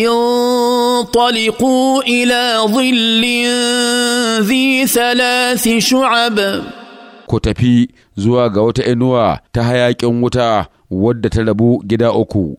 انطلقوا الى ظل ذي ثلاث شعب ku tafi zuwa ga wata inuwa ta hayaƙin wuta wadda ta rabu gida uku